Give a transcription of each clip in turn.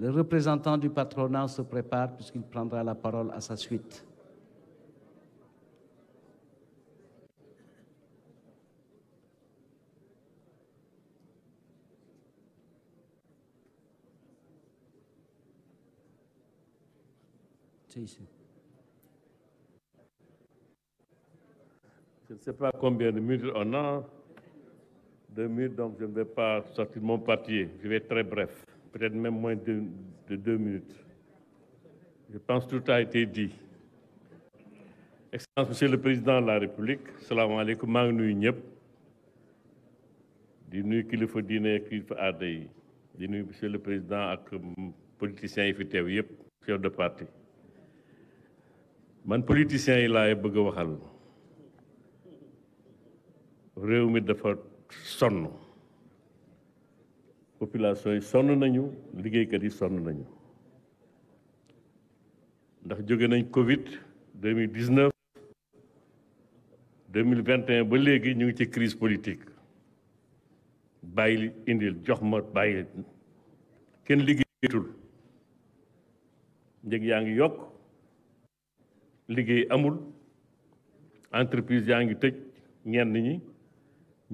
Le représentant du patronat se prépare puisqu'il prendra la parole à sa suite. Ici. Je ne sais pas combien de minutes on a. Deux minutes, donc je ne vais pas sortir mon papier. Je vais être très bref. peut-être même moins de, de deux minutes. Je pense tout a été dit. Excellence, Monsieur le Président de la République salaamaaleykum maa ngi nuyu ñëpp di nuyu kilifa diine ak kilifa aada yi di nuyu Monsieur le Président ak politiciens yi fi teew yëpp chef de parti man politiciens yi laay bëgg a waxal réew mi dafa sonn population yi sonn nañu liggéeykat yi sonn nañu ndax jóge nañ Covid deux mille dix neuf deux mille vingt et ba léegi ñu ngi ci crise politique bàyyi indil jox ma bàyyi kenn liggéeyatul njëg yaa ngi yokk liggéey amul entreprise yaa ngi tëj ñenn ñi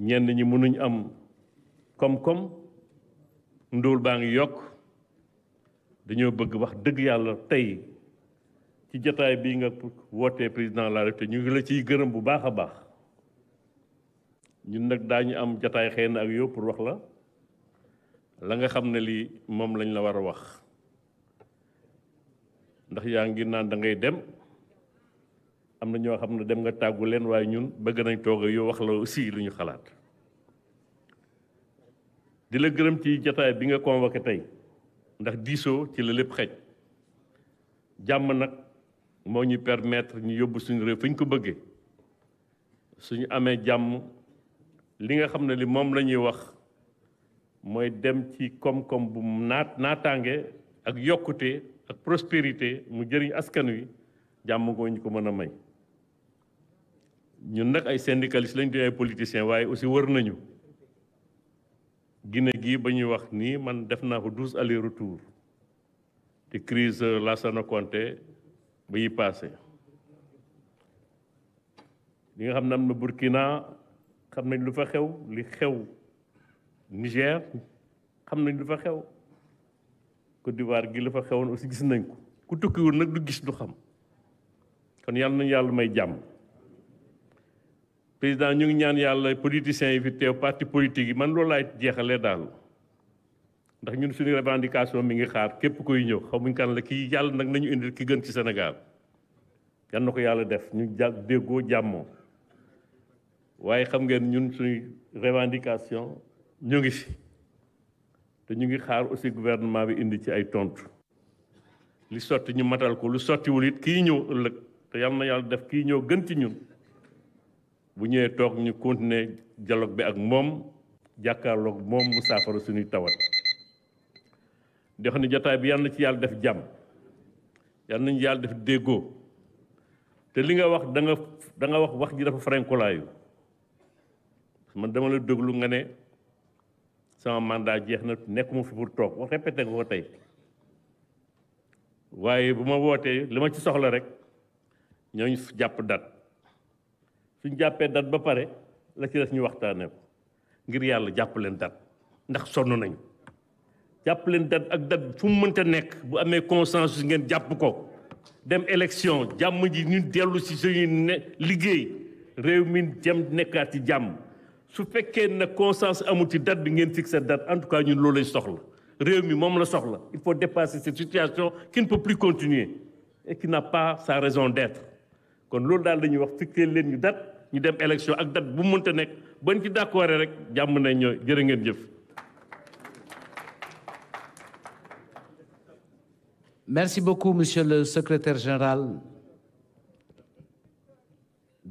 ñenn ñi mënuñ am koom-koom. ndóol baa ngi yokk dañoo bëgg wax dëgg yàlla tey ci jataay bii nga wootee président de la République ñu ngi la ciy gërëm bu baax a baax ñun nag daañu am jataay xëy na ak yow pour wax la la nga xam ne lii moom lañ la war a wax ndax yaa ngi naan dangay dem am na ñoo xam ne dem nga tàggu leen waaye ñun bëgg nañ toog yow wax la aussi lu ñu xalaat di la gërëm ci jataay bi nga convoqué tey ndax diisoo ci la lépp xej jàmm nag moo ñu permettre ñu yóbbu suñu réew fi ñu ko bëggee suñu amee jàmm li nga xam ne li moom la ñuy wax mooy dem ci koom-koom bu naat naataange ak yokkute ak prospérité mu jëriñ askan wi jàmm ngoo ko mën a may ñun nag ay syndicalistes lañ di ay politiciens waaye aussi wër nañu Guinée gi ba ñuy wax nii man def naa ko douze aller retour te crise Lassana Conté ba yi passé li nga xam ne am na Burkina xam nañ lu fa xew li xew Niger xam nañ lu fa xew Côte d'Ivoire gi la fa xewoon aussi gis nañ ko ku tukkiwul nag du gis du xam kon yàlla nañ yàlla may jàmm président ñu ngi ñaan yàlla politiciens yi fi teew parti politique yi man loolu laay jeexalee daal ndax ñun suñu revendication mi ngi xaar képp kuy ñëw xamuñ kan la kii yàlla nag nañu indil ki gën ci senegal yan na ko yàlla def ñu jà déggoo jàmmoo waaye xam ngeen ñun suñuy revendication ñu ngi fi te ñu ngi xaar aussi gouvernement bi indi ci ay tontu li sotti ñu matal ko lu sottiwul it kii ñëw ëllëg te yal na yàlla def kii ñëw gën ci ñun bu ñëwee toog ñu continuer dialogue bi ak moom jàkkaarloog moom mu saafara suñuy tawat di xam ne jotaay bi yal na ci yàlla def jàmm yal nañu yàlla def déggoo te li nga wax da nga wax wax ji dafa farenkolaayu man dama la déglu nga ne sama màndaa jeex na nekkuma fu pour toog wax répété nga ko tey waaye bu ma wootee li ma ci soxla rek ñooñu jàpp dat suñ jàppee dat ba pare la ci des ñu waxtaanee ko ngir yàlla jàpp leen dat ndax sonn nañu jàpp leen dat ak dat fu mu mënta nekk bu amee consensus ngeen jàpp ko dem élection jàmm ji ñu dellu si suñu ne liggéey réew mi jëm nekkaat ci jàmm su fekkee ne conscience amul ci date bi ngeen fixé date en tout cas ñun loolu lañ soxla réew mi moom la soxla il faut dépasser cette situation qui ne peut plus continuer et qui n'a pas sa raison d'être kon loolu daal dañuy wax fixé leen ñu date ñu dem élection ak date bu mu mënta nekk bañ ci waree rek jàmm nañ ñoo jërë ngeen jëf. Merci beaucoup, Monsieur le secretaire général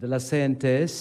de la CNTS.